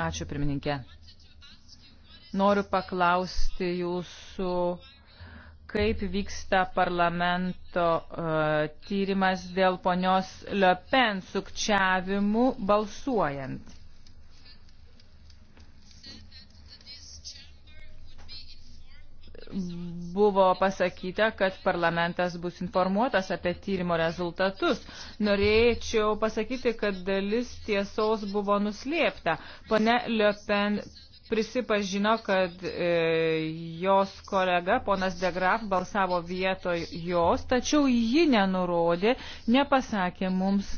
Ačiū, pirmininkė. Noriu paklausti jūsų, kaip vyksta parlamento uh, tyrimas dėl ponios Le Pen sukčiavimų balsuojant buvo pasakyta, kad parlamentas bus informuotas apie tyrimo rezultatus. Norėčiau pasakyti, kad dalis tiesos buvo nuslėpta. Pone Liopen prisipažino, kad e, jos kolega, ponas Degraf, balsavo vietoj jos, tačiau ji nenurodė, nepasakė mums,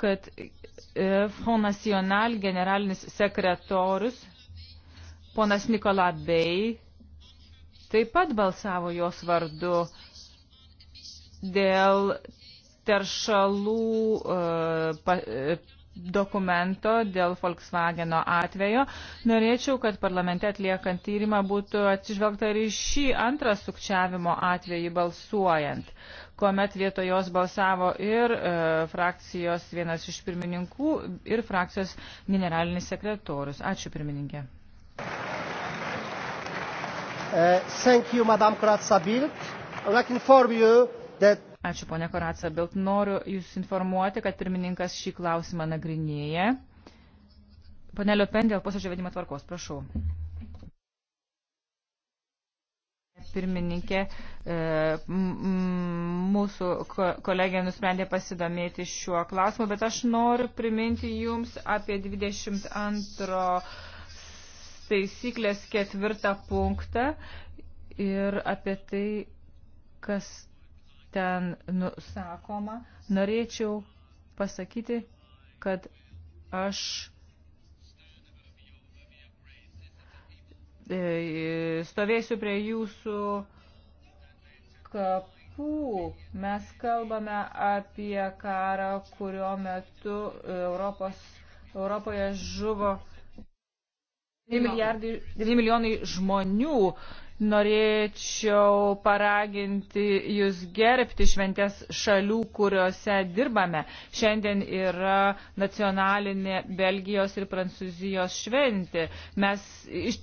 kad e, Front National generalinis sekretorius, ponas Nikola Bey, taip pat balsavo jos vardu dėl teršalų uh, pa, uh, dokumento dėl Volkswageno atvejo. Norėčiau, kad parlamente atliekant tyrimą būtų atsižvelgta ir šį antrą sukčiavimo atvejį balsuojant, kuomet vietojos balsavo ir e, frakcijos vienas iš pirmininkų ir frakcijos generalinis sekretorius. Ačiū pirmininkė. Uh, thank you, Madam Kratzabilt. I like inform you that Ačiū, ponė Koratsa, bet noriu Jūs informuoti, kad pirmininkas šį klausimą nagrinėja. Pane Liopen, dėl posėdžio vedimo tvarkos, prašau. Pirmininkė, e, mūsų kolegė nusprendė pasidomėti šiuo klausimu, bet aš noriu priminti Jums apie 22 taisyklės ketvirtą punktą ir apie tai, kas ten nusakoma, norėčiau pasakyti, kad aš e, stovėsiu prie jūsų kapų. Mes kalbame apie karą, kurio metu Europos, Europoje žuvo 9 milijonai žmonių. Norėčiau paraginti jūs gerbti šventės šalių, kuriuose dirbame. Šiandien yra nacionalinė Belgijos ir Prancūzijos šventė. Mes iš,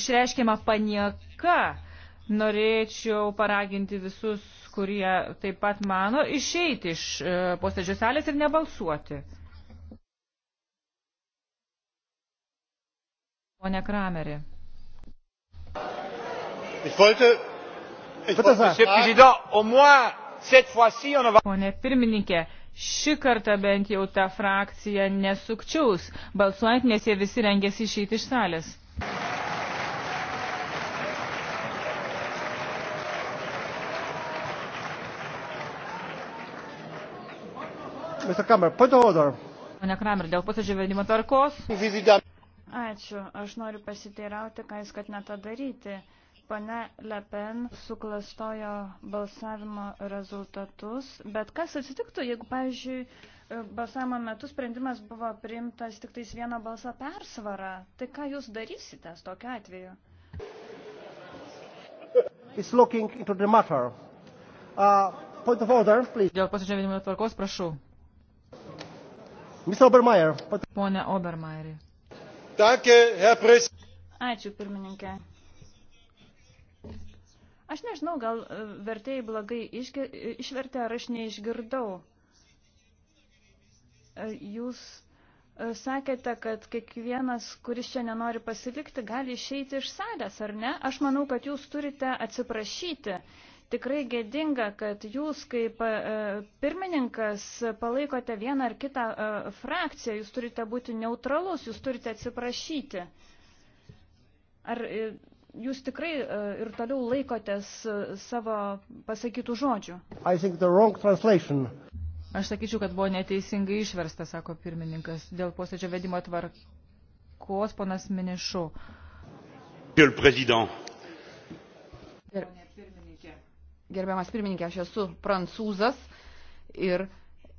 išreiškiama panieka. Norėčiau paraginti visus, kurie taip pat mano, išeiti iš e, posėdžių salės ir nebalsuoti. Pone Krameri. Pone pirmininkė, šį kartą bent jau ta frakcija nesukčiaus, balsuojant, nes jie visi rengėsi išeiti iš salės. Mr. Kramer, point of order. Pone Kramer, dėl posėdžio vedimo tvarkos. Ačiū. Aš noriu pasiteirauti, ką jūs ketinate daryti. Pane Le Pen suklastojo balsavimo rezultatus, bet kas atsitiktų, jeigu, pavyzdžiui, balsavimo metu sprendimas buvo priimtas tik tais vieno balsą persvarą, tai ką jūs darysite tokiu atveju? Uh, order, Dėl pasižiūrėjimo tvarkos, prašau. Obermeier, pat... Pone Obermeieri. Ačiū, pirmininkė. Aš nežinau, gal e, vertėjai blogai išvertė, ar aš neišgirdau. E, jūs e, sakėte, kad kiekvienas, kuris čia nenori pasilikti, gali išeiti iš salės, ar ne? Aš manau, kad jūs turite atsiprašyti Tikrai gėdinga, kad jūs kaip e, pirmininkas palaikote vieną ar kitą e, frakciją, jūs turite būti neutralus, jūs turite atsiprašyti. Ar e, jūs tikrai ir toliau laikotės savo pasakytų žodžių? Aš sakyčiau, kad buvo neteisingai išversta, sako pirmininkas, dėl posėdžio vedimo tvarkos ponas Minišu. Monsieur le Président. Ir... Gerbiamas pirmininkė, aš esu prancūzas ir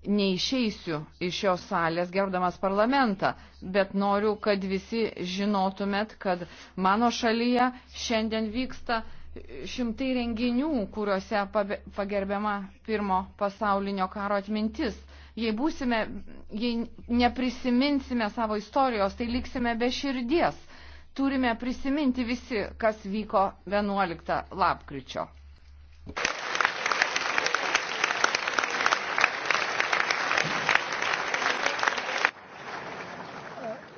neišeisiu iš šios salės gerbdamas parlamentą, bet noriu, kad visi žinotumėt, kad mano šalyje šiandien vyksta šimtai renginių, kuriuose pagerbiama pirmo pasaulinio karo atmintis. Jei, būsime, jei neprisiminsime savo istorijos, tai liksime be širdies. Turime prisiminti visi, kas vyko 11 lapkričio.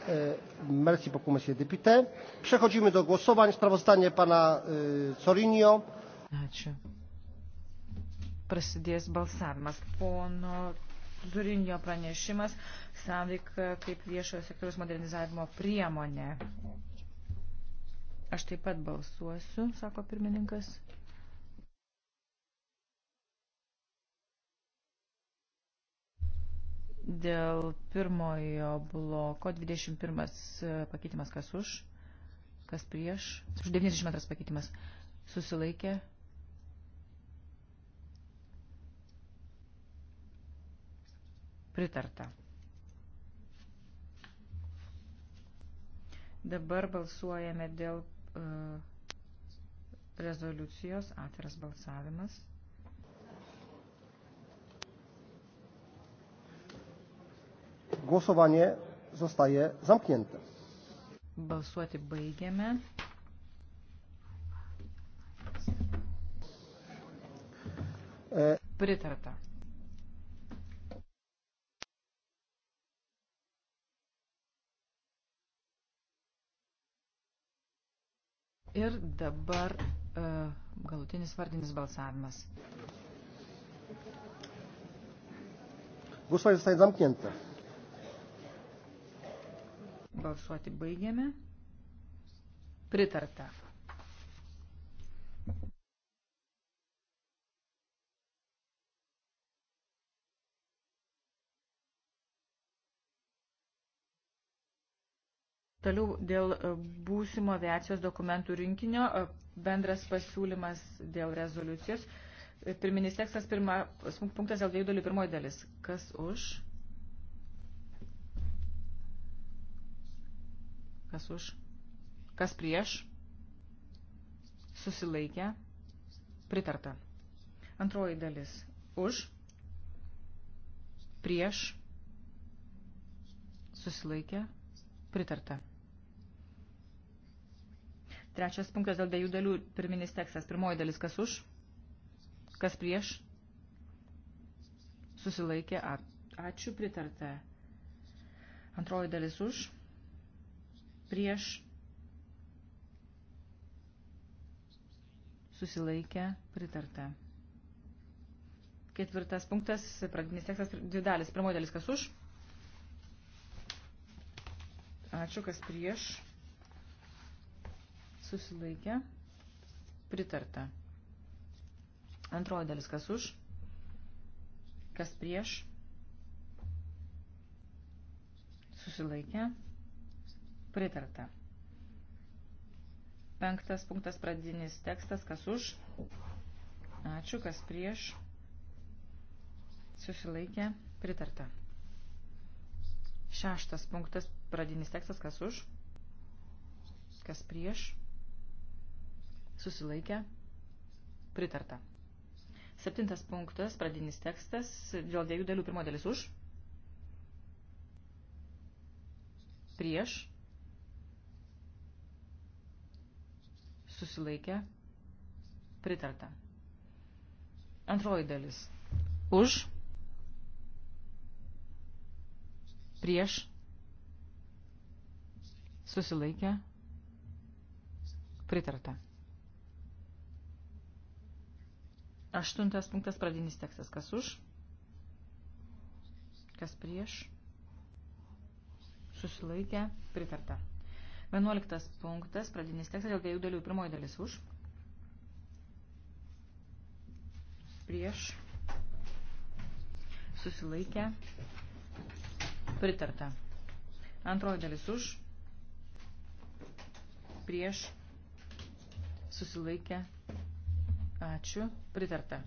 E, merci beaucoup monsieur le député. Przechodzimy do głosowań. Sprawozdanie pana Corinio. E, Ačiū. Prasidės balsavimas. Pono Zurinio pranešimas sąveika kaip viešojo sektoriaus modernizavimo priemonė. Aš taip pat balsuosiu, sako pirmininkas. Dėl pirmojo bloko 21 e, pakeitimas kas už, kas prieš, už 92 pakeitimas susilaikė. Pritarta. Dabar balsuojame dėl uh, rezoliucijos atviras balsavimas. Głosowanie zostaje zamknięte. Balsuoti baigiame. E, Pritarta. Ir dabar uh, galutinis vardinis balsavimas. Głosowanie zostaje zamknięte. Balsuoti baigiame. Pritarta. Toliau dėl e, būsimo aviacijos dokumentų rinkinio e, bendras pasiūlymas dėl rezoliucijos. E, pirminis tekstas, pirma, punktas dėl dviejų dalių, pirmoji dalis. Kas už? Kas už? Kas prieš? Susilaikę. Pritarta. Antroji dalis. Už. Prieš. Susilaikę. Pritarta. Trečias punktas dėl dviejų dalių pirminis tekstas. Pirmoji dalis kas už, kas prieš, susilaikė, ačiū pritarta. Antroji dalis už, prieš susilaikę pritarta. Ketvirtas punktas, pradinis tekstas, dvi dalis. Pirmoji dalis, kas už? Ačiū, kas prieš susilaikę pritarta. Antroji dalis, kas už? Kas prieš susilaikę pritarta Pritarta. Penktas punktas pradinis tekstas, kas už. Ačiū, kas prieš. Susilaikė. Pritarta. Šeštas punktas pradinis tekstas, kas už. Kas prieš. Susilaikė. Pritarta. Septintas punktas, pradinis tekstas, dėl dviejų dalių pirmo dalis už, prieš, susilaikė, pritarta. Antroji dalis. Už, prieš, susilaikė, pritarta. Aštuntas punktas pradinis tekstas. Kas už? Kas prieš? Susilaikę? Pritarta. 11 punktas, pradinis tekstas dėl dviejų dalių. Pirmoji dalis už. Prieš. Susilaikę. Pritarta. Antroji dalis už. Prieš. Susilaikę. Ačiū. Pritarta.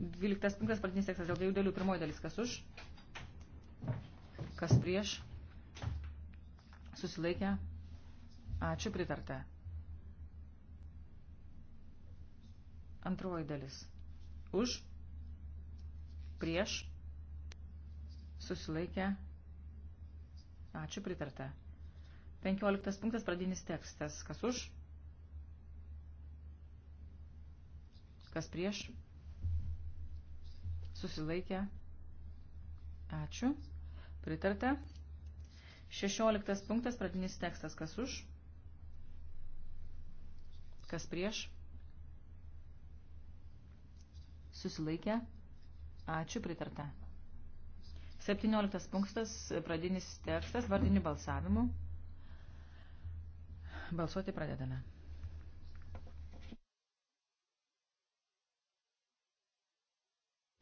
12 punktas, pradinis tekstas dėl dviejų dalių. Pirmoji dalis kas už. Kas prieš. Susilaikę. Ačiū pritarta. Antroji dalis. Už, prieš, susilaikę. Ačiū pritarta. 15 punktas pradinis tekstas. Kas už? Kas prieš? Susilaikę. Ačiū. Pritarta. 16 punktas pradinis tekstas. Kas už? Kas prieš? Susilaikę. Ačiū, pritarta. 17 punktas, pradinis tekstas, vardinių balsavimų. Balsuoti pradedame.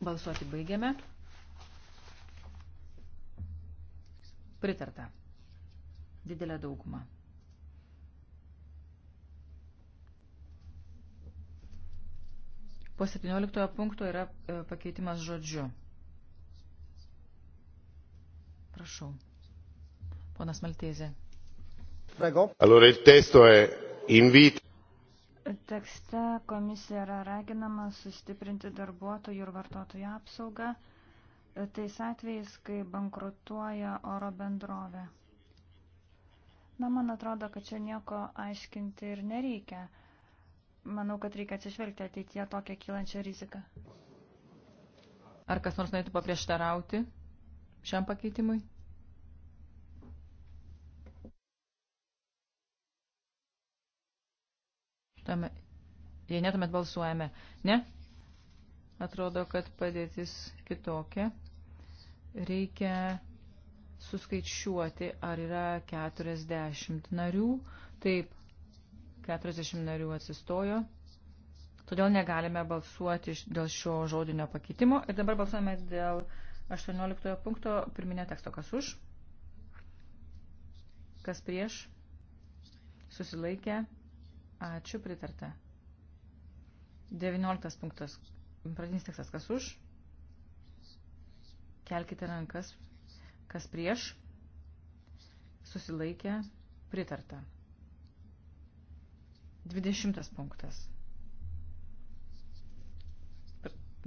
Balsuoti baigiame. Pritarta. Didelė dauguma. Po 17 punkto yra e, pakeitimas žodžiu. Prašau. Ponas Maltėzė. Prego. Allora il testo è invito. Tekste komisija yra raginama sustiprinti darbuotojų ir vartotojų apsaugą e, tais atvejais, kai bankrutuoja oro bendrovė. Na, man atrodo, kad čia nieko aiškinti ir nereikia manau, kad reikia atsižvelgti ateityje tokią kylančią riziką. Ar kas nors norėtų paprieštarauti šiam pakeitimui? Tame, jei netuomet balsuojame. Ne? Atrodo, kad padėtis kitokia. Reikia suskaičiuoti, ar yra 40 narių. Taip, 40 narių atsistojo. Todėl negalime balsuoti dėl šio žodinio pakeitimo. Ir dabar balsuojame dėl 18 punkto pirminio teksto. Kas už? Kas prieš? Susilaikė? Ačiū, pritarta. 19 punktas. Pradinis tekstas. Kas už? Kelkite rankas. Kas prieš? Susilaikė? Pritarta. Dvidešimtas punktas.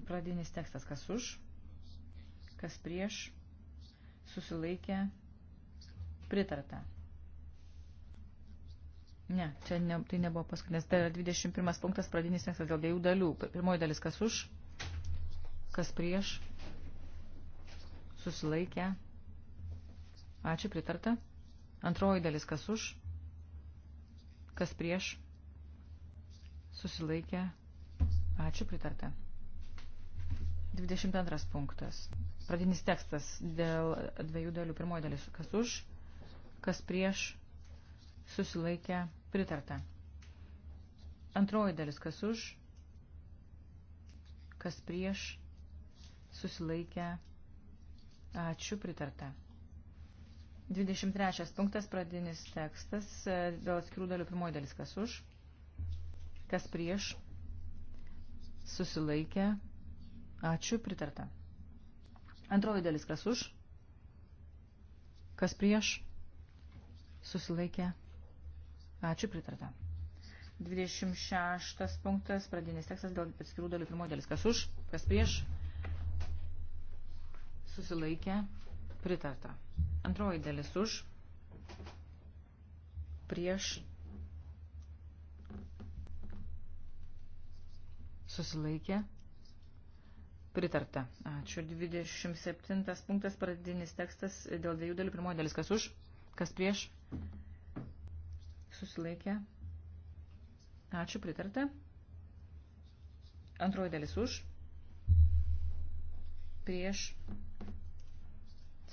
Pradinis tekstas, kas už, kas prieš, susilaikė, pritarta. Ne, čia ne, tai nebuvo paskutinis. Tai yra 21 punktas, pradinis tekstas dėl dviejų dalių. Pirmoji dalis, kas už, kas prieš, susilaikė. Ačiū, pritarta. Antroji dalis, kas už, kas prieš, Susilaikė. Ačiū, pritarta. 22 punktas. Pradinis tekstas dėl dviejų dalių. Pirmoji dalis. Kas už, kas prieš, susilaikė, pritarta. Antroji dalis. Kas už, kas prieš, susilaikė, ačiū, pritarta. 23 punktas. Pradinis tekstas e, dėl atskirų dalių. Pirmoji dalis. Kas už, Kas prieš? Susilaikę. Ačiū, pritarta. Antroji dalis, kas už? Kas prieš? Susilaikę. Ačiū, pritarta. 26 punktas, pradinis tekstas dėl atskirų dalių pirmo dalis. Kas už, kas prieš? Susilaikę, pritarta. Antroji dalis už, prieš, Susilaikė. Pritarta. Ačiū. 27 punktas pradinis tekstas dėl dviejų dalių. Pirmoji dalis kas už, kas prieš. Susilaikė. Ačiū. Pritarta. Antroji dalis už. Prieš.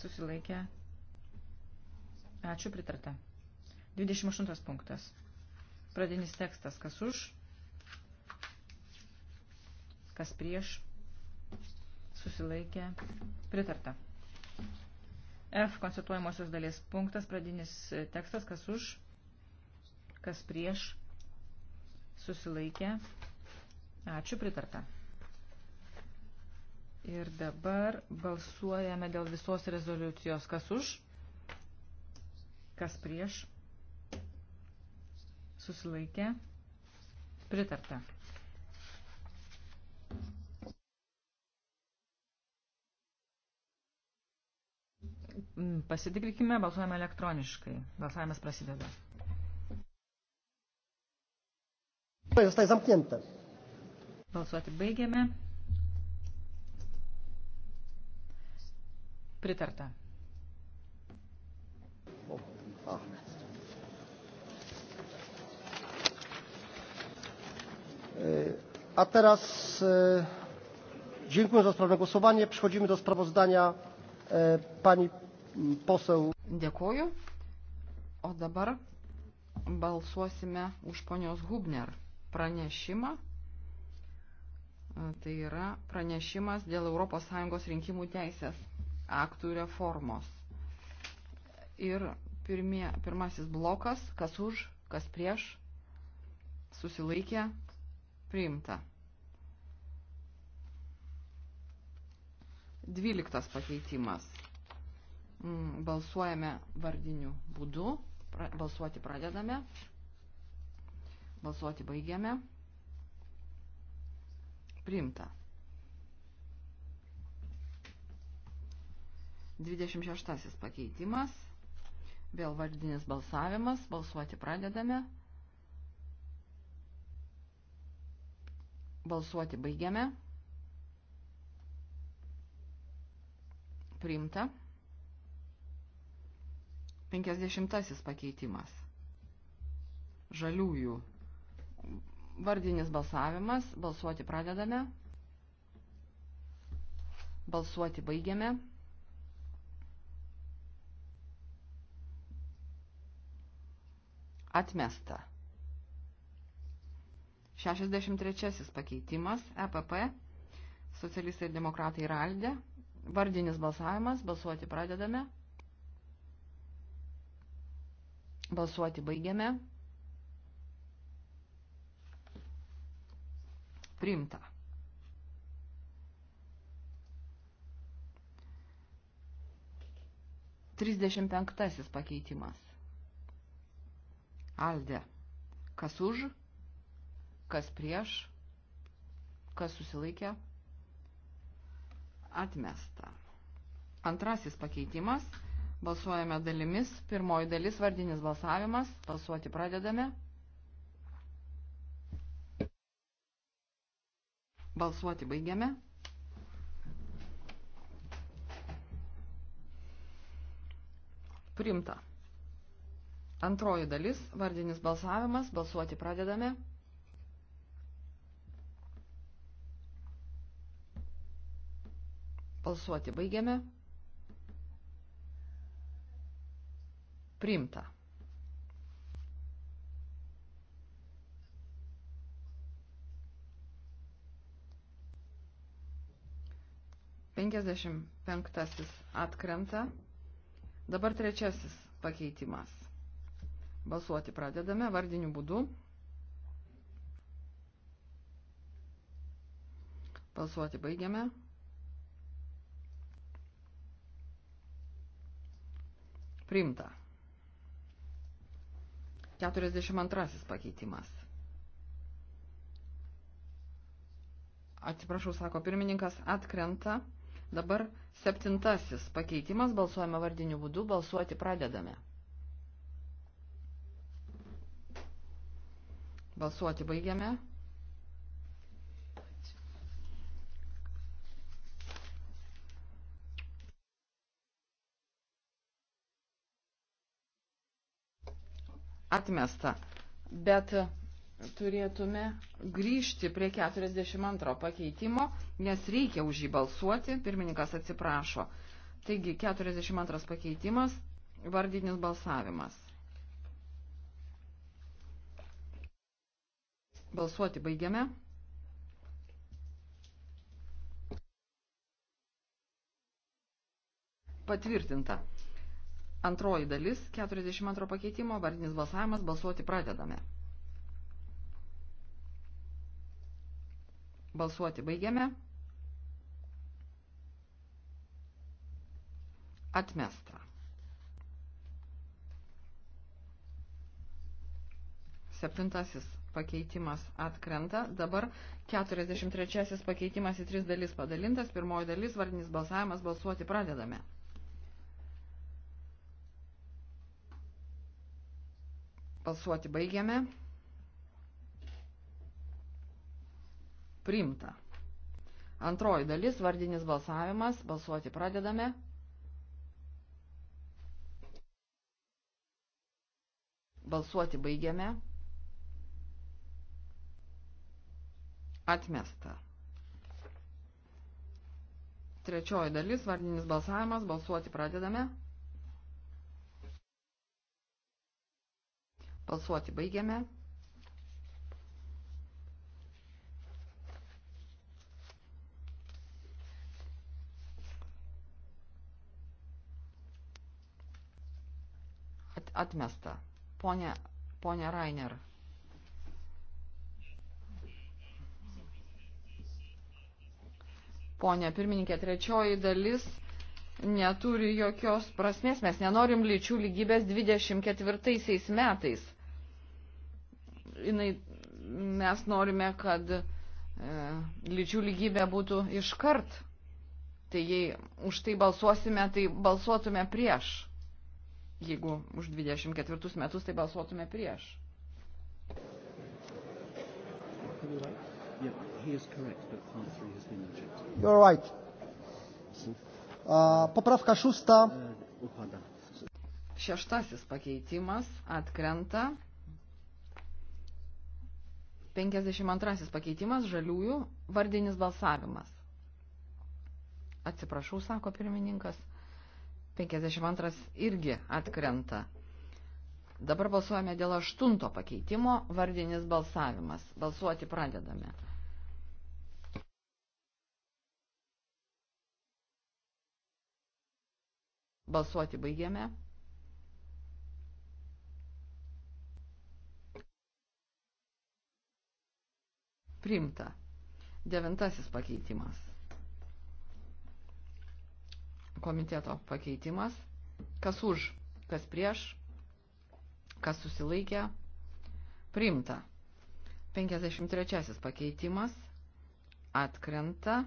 Susilaikė. Ačiū. Pritarta. 28 punktas. Pradinis tekstas kas už, kas prieš, susilaikė, pritarta. F konstatuojamosios dalies punktas, pradinis tekstas, kas už, kas prieš, susilaikė, ačiū, pritarta. Ir dabar balsuojame dėl visos rezoliucijos, kas už, kas prieš, susilaikė, pritarta. Mm, pasitikrinkime, balsuojame elektroniškai. Balsavimas prasideda. Zostaje zamknięte. Balsuoti baigiame. Pritarta. E, a teraz e, dziękuję za sprawne głosowanie. Przechodzimy do sprawozdania e, pani poseł. Dėkoju. O dabar balsuosime už ponios Hubner pranešimą. Tai yra pranešimas dėl ES rinkimų teisės aktų reformos. Ir pirmie, pirmasis blokas, kas už, kas prieš, susilaikė, priimta. Dvyliktas pakeitimas. Mm, balsuojame vardiniu būdu. Balsuoti pradedame. Balsuoti baigiame. Priimta. 26 pakeitimas. Vėl vardinis balsavimas. Balsuoti pradedame. Balsuoti baigiame. Priimta. 50 pakeitimas. Žaliųjų. Vardinis balsavimas. Balsuoti pradedame. Balsuoti baigiame. Atmesta. 63 pakeitimas EPP. Socialistai ir demokratai Raldė. Vardinis balsavimas. Balsuoti pradedame. Balsuoti pradedame. Balsuoti baigiame. Primta. Trisdešimt penktasis pakeitimas. Alde. Kas už, kas prieš, kas susilaikė. Atmesta. Antrasis pakeitimas – Balsuojame dalimis. Pirmoji dalis vardinis balsavimas. Balsuoti pradedame. Balsuoti baigiame. Primta. Antroji dalis, vardinis balsavimas, balsuoti pradedame. Balsuoti baigiame. Priimta. Penkiasdešimt penktasis atkrenta. Dabar trečiasis pakeitimas. Balsuoti pradedame vardiniu būdu. Balsuoti baigiame. Priimta. 42 pakeitimas. Atsiprašau, sako pirmininkas, atkrenta. Dabar septintasis pakeitimas, balsuojame vardiniu būdu, balsuoti pradedame. Balsuoti baigiame. atmesta. Bet turėtume grįžti prie 42 pakeitimo, nes reikia už jį balsuoti, pirmininkas atsiprašo. Taigi 42 pakeitimas, vardinis balsavimas. Balsuoti baigiame. Patvirtinta. Antroji dalis 42 pakeitimo, vardinis balsavimas, balsuoti pradedame. Balsuoti baigiame. Atmesta. Septintasis pakeitimas atkrenta. Dabar 43 pakeitimas į tris dalis padalintas. Pirmoji dalis, vardinis balsavimas, balsuoti pradedame. Balsuoti baigiame. Primta. Antroji dalis, vardinis balsavimas. Balsuoti pradedame. Balsuoti baigiame. Atmesta. Trečioji dalis, vardinis balsavimas. Balsuoti pradedame. Balsuoti baigiame. At, atmesta. Pone, pone Rainer. Pone pirmininkė, trečioji dalis neturi jokios prasmės. Mes nenorim lyčių lygybės 24 metais jinai, mes norime, kad e, lyčių lygybė būtų iškart. Tai jei už tai balsuosime, tai balsuotume prieš. Jeigu už 24 metus, tai balsuotume prieš. You're right. Uh, poprawka szósta. Šeštasis pakeitimas atkrenta. 52 pakeitimas žaliųjų vardinis balsavimas. Atsiprašau, sako pirmininkas. 52 irgi atkrenta. Dabar balsuojame dėl aštunto pakeitimo vardinis balsavimas. Balsuoti pradedame. Balsuoti baigiame. Primta. Devintasis pakeitimas. Komiteto pakeitimas. Kas už, kas prieš, kas susilaikė. Primta. 53 pakeitimas. Atkrenta.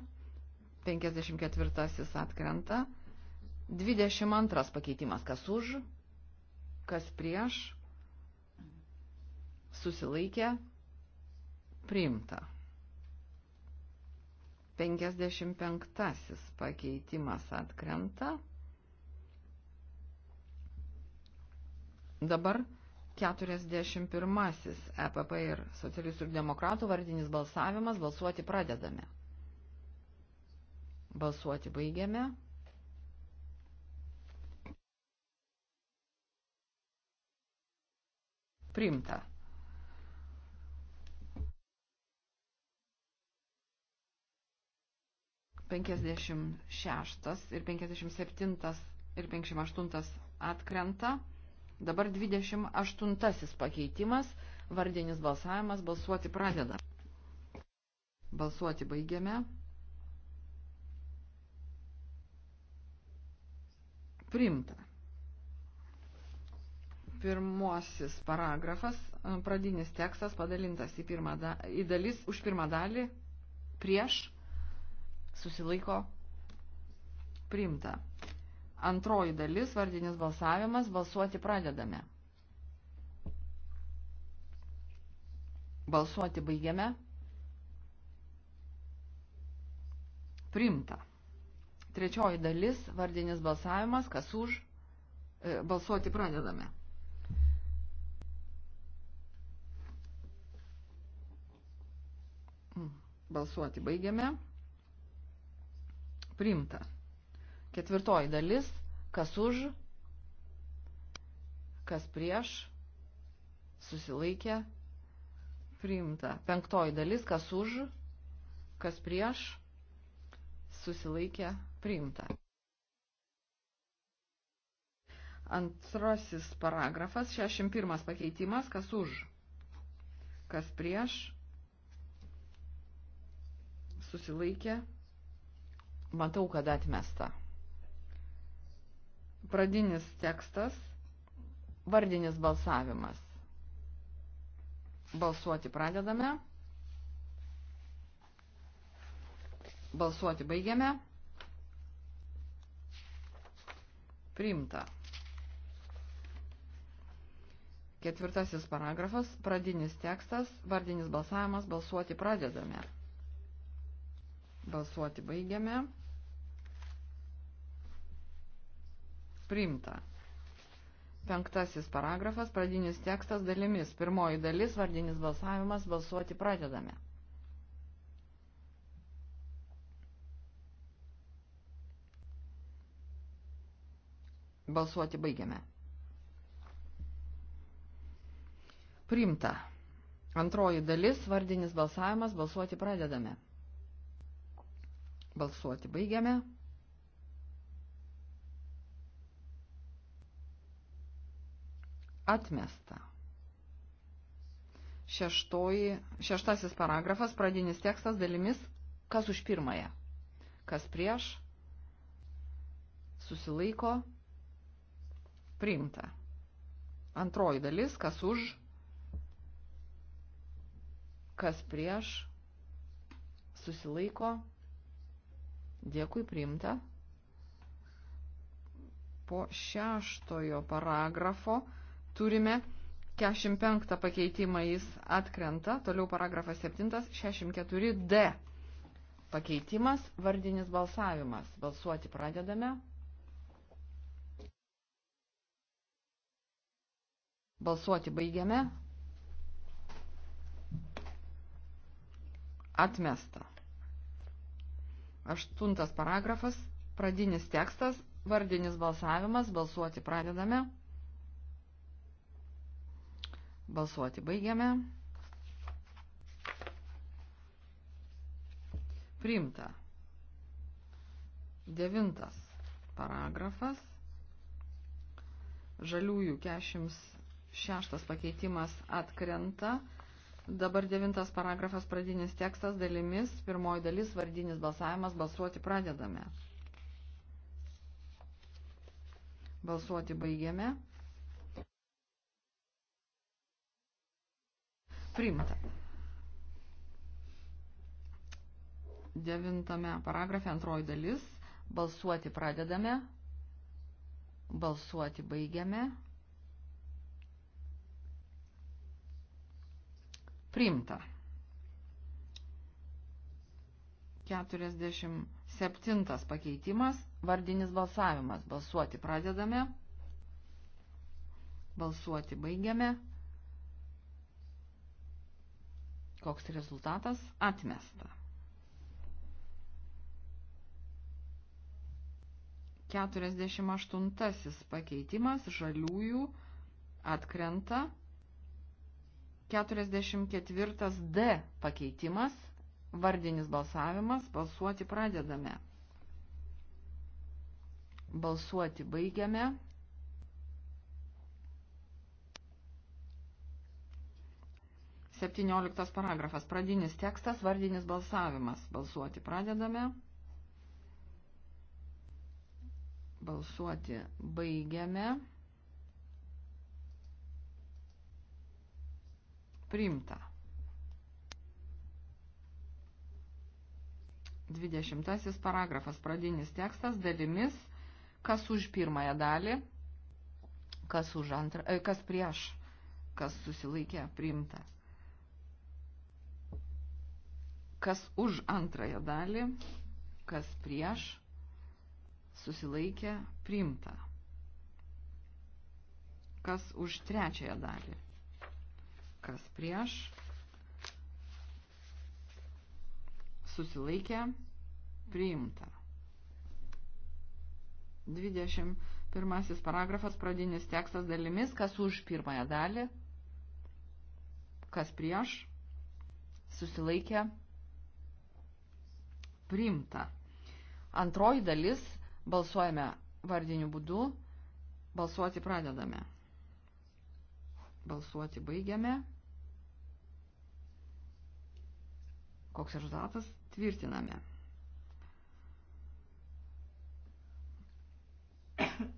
54 atkrenta. 22 pakeitimas. Kas už, kas prieš, susilaikė. Priimta. 55 pakeitimas atkrenta. Dabar 41 EPP ir socialistų ir demokratų vardinis balsavimas. Balsuoti pradedame. Balsuoti baigiame. Priimta. 56 ir 57 ir 58 atkrenta. Dabar 28 pakeitimas, vardinis balsavimas, balsuoti pradeda. Balsuoti baigiame. Primta. Pirmosis paragrafas, pradinis tekstas padalintas į, pirmą da, į dalis už pirmą dalį prieš susilaiko priimta. Antroji dalis, vardinis balsavimas, balsuoti pradedame. Balsuoti baigiame. Primta. Trečioji dalis, vardinis balsavimas, kas už, e, balsuoti pradedame. Hmm. Balsuoti baigiame. Primta. Ketvirtoji dalis. Kas už, kas prieš, susilaikė, priimta. Penktoji dalis, kas už, kas prieš, susilaikė, priimta. Antrasis paragrafas, 61 pakeitimas, kas už, kas prieš, susilaikė, priimta Matau, kad atmesta. Pradinis tekstas, vardinis balsavimas. Balsuoti pradedame. Balsuoti baigiame. Priimta. Ketvirtasis paragrafas, pradinis tekstas, vardinis balsavimas, balsuoti pradedame. Balsuoti baigiame. Priimta. Penktasis paragrafas, pradinis tekstas dalimis. Pirmoji dalis, vardinis balsavimas, balsuoti pradedame. Balsuoti baigiame. Primta. Antroji dalis, vardinis balsavimas, balsuoti pradedame. Balsuoti baigiame. Atmesta. Šeštoji, šeštasis paragrafas, pradinis tekstas dalimis, kas už pirmąją, kas prieš, susilaiko, priimta. Antroji dalis, kas už, kas prieš, susilaiko, priimta Dėkui, priimta. Po šeštojo paragrafo turime 45 pakeitimą jis atkrenta, toliau paragrafas 7, 64d pakeitimas, vardinis balsavimas. Balsuoti pradedame. Balsuoti baigiame. Atmesta. Aštuntas paragrafas, pradinis tekstas, vardinis balsavimas, balsuoti pradedame. Balsuoti baigiame. Priimta. Devintas paragrafas. Žaliųjų kešims šeštas pakeitimas atkrenta. Dabar devintas paragrafas pradinis tekstas dalimis, pirmoji dalis vardinis balsavimas, balsuoti pradedame. Balsuoti baigiame. Priimta. Devintame paragrafe antroji dalis, balsuoti pradedame, balsuoti baigiame. Primta. 47 pakeitimas, vardinis balsavimas. Balsuoti pradedame. Balsuoti baigiame. Koks rezultatas? Atmesta. 48 pakeitimas žaliųjų atkrenta 44 D pakeitimas, vardinis balsavimas, balsuoti pradedame. Balsuoti baigiame. Septynioliktas paragrafas, pradinis tekstas, vardinis balsavimas. Balsuoti pradedame. Balsuoti baigiame. Primta. Dvidešimtasis paragrafas, pradinis tekstas, dalimis, kas už pirmąją dalį, kas, už antrą, e, kas prieš, kas susilaikė, priimta. Kas už antrąją dalį, kas prieš, susilaikė, priimta. Kas už trečiąją dalį, kas prieš, susilaikė, priimta. 21 paragrafas, pradinis tekstas dalimis, kas už pirmąją dalį, kas prieš, susilaikė, priimta. Antroji dalis, balsuojame vardiniu būdu, balsuoti pradedame. Balsuoti baigiame. Koks rezultatas? Tvirtiname.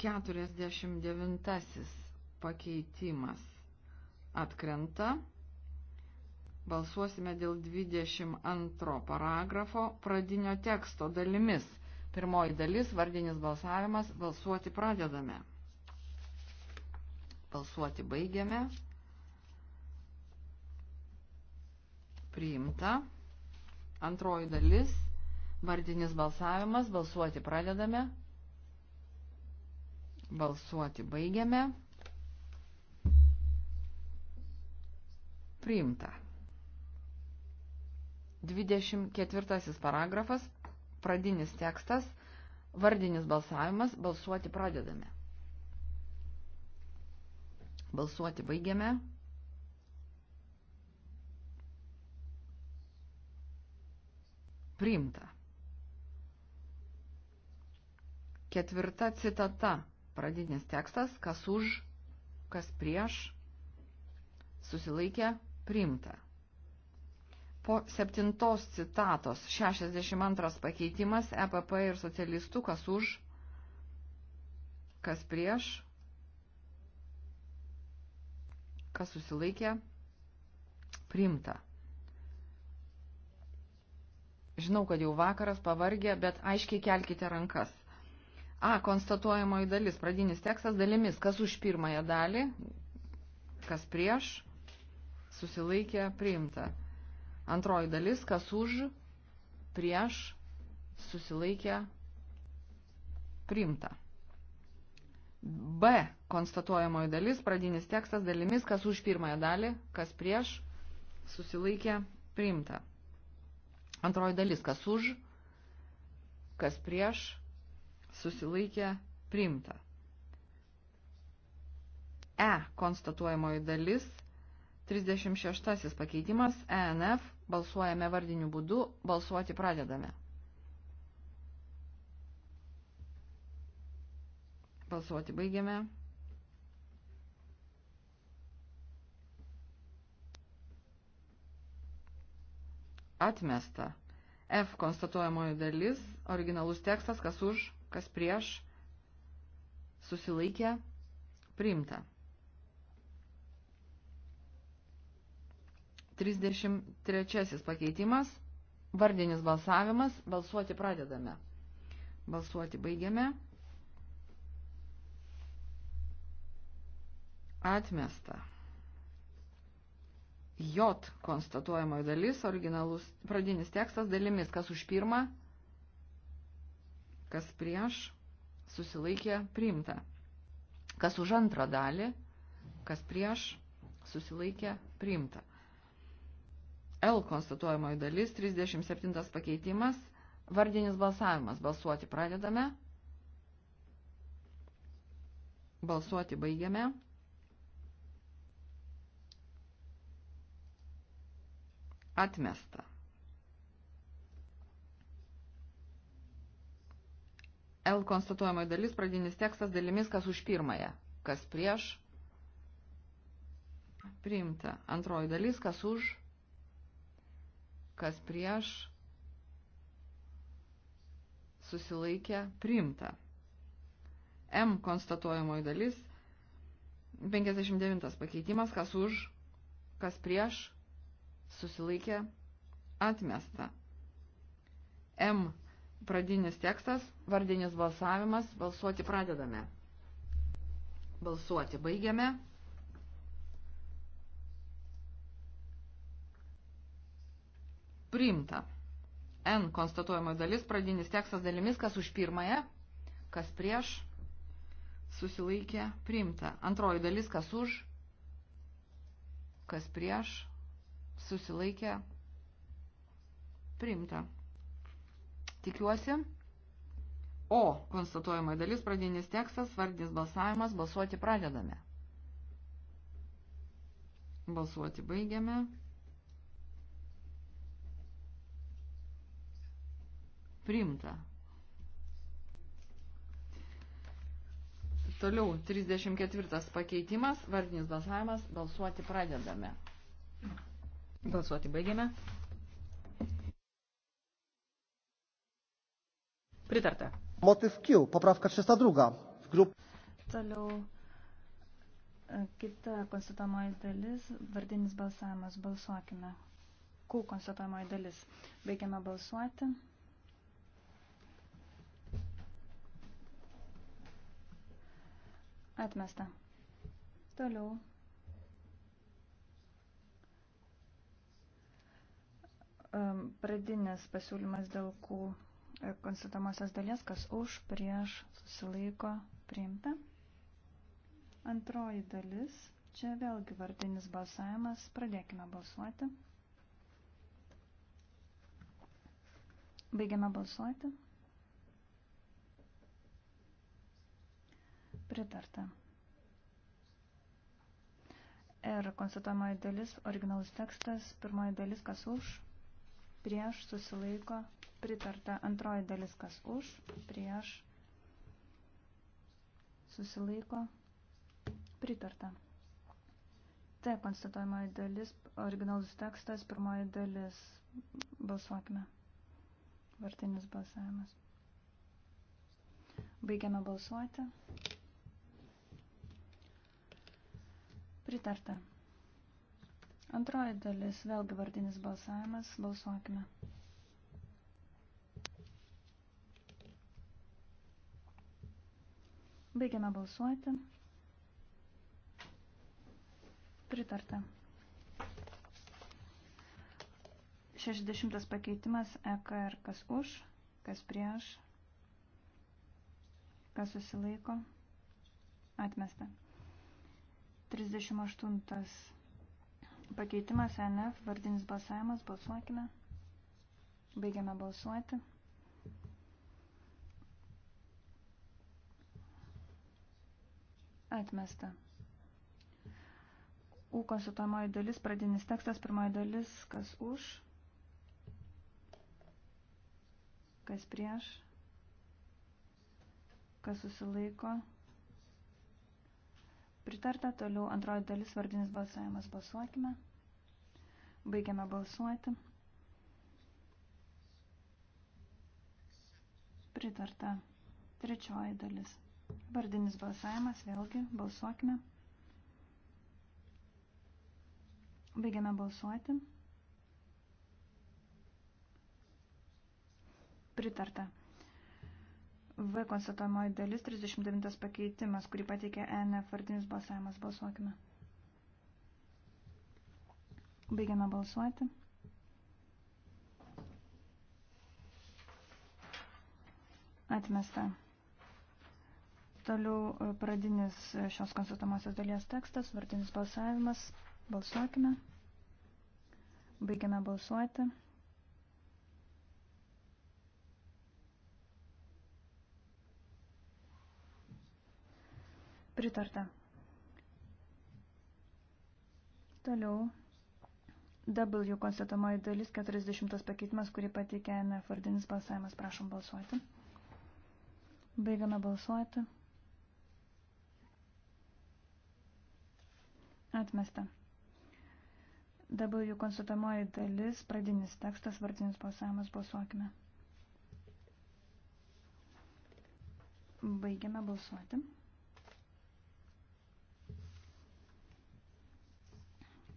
Keturiasdešimt devintasis pakeitimas atkrenta. Balsuosime dėl 22 paragrafo pradinio teksto dalimis. Pirmoji dalis, vardinis balsavimas, balsuoti pradedame. Balsuoti baigiame. priimta. Antroji dalis, vardinis balsavimas, balsuoti pradedame, balsuoti baigiame. Priimta. 24 paragrafas, pradinis tekstas, vardinis balsavimas, balsuoti pradedame. Balsuoti baigiame. Priimta. Ketvirta citata. Pradinis tekstas, kas už, kas prieš, susilaikė, priimta. Po septintos citatos 62 pakeitimas EPP ir socialistų, kas už, kas prieš, kas susilaikė, priimta. Žinau, kad jau vakaras pavargė, bet aiškiai kelkite rankas. A. Konstatuojamoji dalis. Pradinis tekstas dalimis. Kas už pirmąją dalį, kas prieš, susilaikė, priimta. Antroji dalis. Kas už, prieš, susilaikė, priimta. B. Konstatuojamoji dalis. Pradinis tekstas dalimis. Kas už pirmąją dalį, kas prieš, susilaikė, priimta. Antroji dalis, kas už, kas prieš, susilaikė, priimta. E konstatuojamoji dalis, 36 pakeitimas, ENF, balsuojame vardiniu būdu, balsuoti pradedame. Balsuoti baigiame. Atmesta. F konstatuojamoji dalis, originalus tekstas, kas už, kas prieš, susilaikė, priimta. 33 pakeitimas, vardinis balsavimas, balsuoti pradedame. Balsuoti baigiame. Atmesta. J konstatuojamoji dalis, originalus pradinis tekstas dalimis, kas už pirmą, kas prieš, susilaikė priimta. Kas už antrą dalį, kas prieš, susilaikė priimta. L konstatuojamoji dalis, 37 pakeitimas, vardinis balsavimas, balsuoti pradedame, balsuoti baigiame. Atmesta. L konstatuojamoji dalis, pradinis tekstas dalimis, kas už pirmąją, kas prieš, priimta. Antroji dalis, kas už, kas prieš, susilaikė, priimta. M konstatuojamoji dalis, 59 pakeitimas, kas už, kas prieš, susilaikė atmesta. M pradinis tekstas, vardinis balsavimas, balsuoti pradedame. Balsuoti baigiame. Priimta. N konstatuojamoji dalis, pradinis tekstas dalimis, kas už pirmąją, kas prieš, susilaikė, priimta. Antroji dalis, kas už, kas prieš, susilaikę, priimta. Tikiuosi. O konstatuojama dalis pradinis tekstas, vardinis balsavimas, balsuoti pradedame. Balsuoti baigiame. Priimta. Toliau 34 pakeitimas, vardinis balsavimas, balsuoti pradedame. Balsuoti baigiame. Pritarta. Motyw Q, poprawka 302. W grup... Toliau e, kita konstatuojamoji dalis, vardinis balsavimas. Balsuokime. Q konstatuojamoji dalis. Baigiame balsuoti. Atmesta. Toliau pradinis pasiūlymas dėl kų e, konstatamosios dalies, kas už, prieš, susilaiko, priimta. Antroji dalis, čia vėlgi vardinis balsavimas, pradėkime balsuoti. Baigiame balsuoti. Pritarta. Ir konstatuojamoji dalis, originalus tekstas, pirmoji dalis, kas už, prieš susilaiko pritarta. Antroji dalis kas už, prieš susilaiko pritarta. T konstatuojamoji dalis, originalus tekstas, pirmoji dalis. Balsuokime. Vartinis balsavimas. Baigiame balsuoti. Pritarta. Antroji dalis, vėlgi vardinis balsavimas, balsuokime. Baigiame balsuoti. Pritarta. 60 pakeitimas EKR kas už, kas prieš, kas susilaiko, atmesta. 38 Pakeitimas NF, vardinis balsavimas, balsuokime. Baigiame balsuoti. Atmesta. U konsultuojamoji dalis, pradinis tekstas, pirmoji dalis, kas už, kas prieš, kas susilaiko. Pritarta toliau antroji dalis vardinis balsavimas. Balsuokime. Baigiame balsuoti. Pritarta trečioji dalis. Vardinis balsavimas, vėlgi, balsuokime. Baigiame balsuoti. Pritarta. V konstatuojamoji dalis 39 pakeitimas, kurį pateikė NF vardinis balsavimas. Balsuokime. Baigiame balsuoti. Atmesta. Toliau e, pradinis e, šios konstatuomosios dalies tekstas, vardinis balsavimas. Balsuokime. Baigiame balsuoti. pritarta. Toliau W konstatuojamoji dalis 40 pakeitimas, kurį pateikė nefardinis balsavimas. Prašom balsuoti. Baigiame balsuoti. Atmesta. W konstatuojamoji dalis, pradinis tekstas, vardinis balsavimas. Balsuokime. Baigiame balsuoti.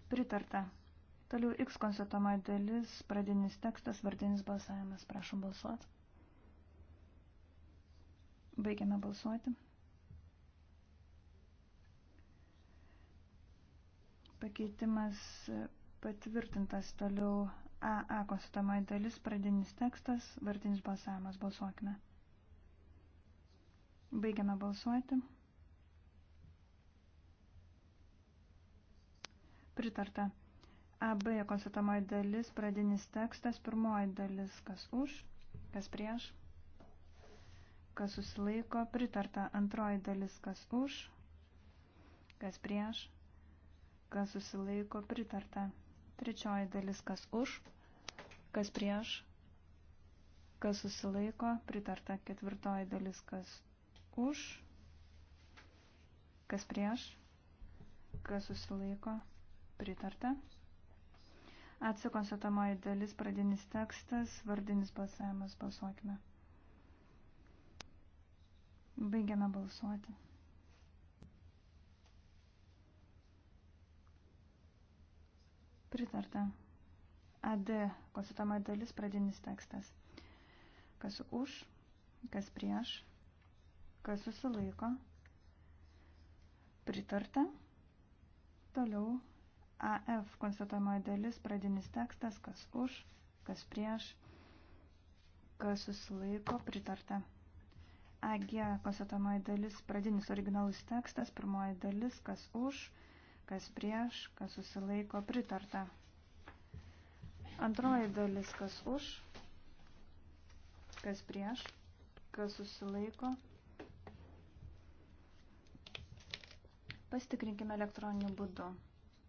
Pritarta. Toliau X konstatoma dalis, pradinis tekstas, vardinis balsavimas. Prašom balsuoti. Baigiame balsuoti. Pakeitimas patvirtintas toliau AA konstatoma dalis, pradinis tekstas, vardinis balsavimas. Balsuokime. Baigiame balsuoti. Pritarta. AB konstatuojamoji dalis, pradinis tekstas, pirmoji dalis, kas už, kas prieš, kas susilaiko, pritarta antroji dalis, kas už, kas prieš, kas susilaiko, pritarta trečioji dalis, kas už, kas prieš, kas susilaiko, pritarta ketvirtoji dalis, kas už, kas prieš, kas susilaiko, pritarta Pritarta. Atsikonstatuojamoji dalis, pradinis tekstas, vardinis balsavimas, balsuokime. Baigiame balsuoti. Pritarta. AD, konstatuojamoji dalis, pradinis tekstas. Kas už, kas prieš, kas susilaiko. Pritarta. Toliau AF konstatuojamoji dalis, pradinis tekstas, kas už, kas prieš, kas susilaiko, pritarta. AG konstatuojamoji dalis, pradinis originalus tekstas, pirmoji dalis, kas už, kas prieš, kas susilaiko, pritarta. Antroji dalis, kas už, kas prieš, kas susilaiko. Pasitikrinkime elektroniniu būdu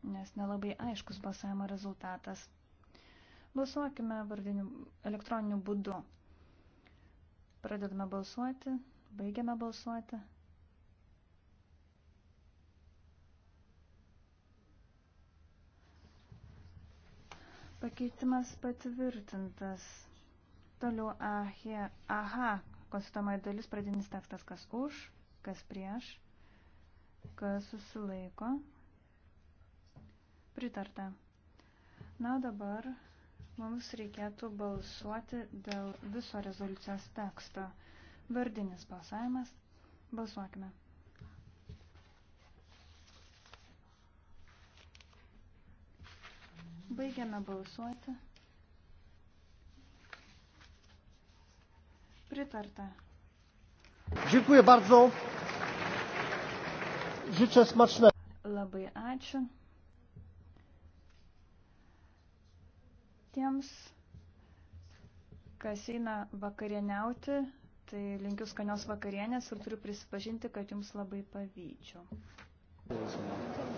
nes nelabai aiškus balsavimo rezultatas. Balsuokime vardiniu, elektroniniu būdu. Pradedame balsuoti, baigiame balsuoti. Pakeitimas patvirtintas. Toliau ahie, aha, konstituomai dalis pradinis tekstas, kas už, kas prieš, kas susilaiko, Pritarta. Na dabar mums reikėtų balsuoti dėl viso rezoliucijos teksto. Vardinis balsavimas. Balsuokime. Baigiame balsuoti. Pritarta. Dziękuję bardzo. Życzę smacznego. Labai ačiū. tiems, kas eina vakarieniauti, tai linkiu skanios vakarienės ir turiu prisipažinti, kad jums labai pavyzdžių.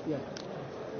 Yeah.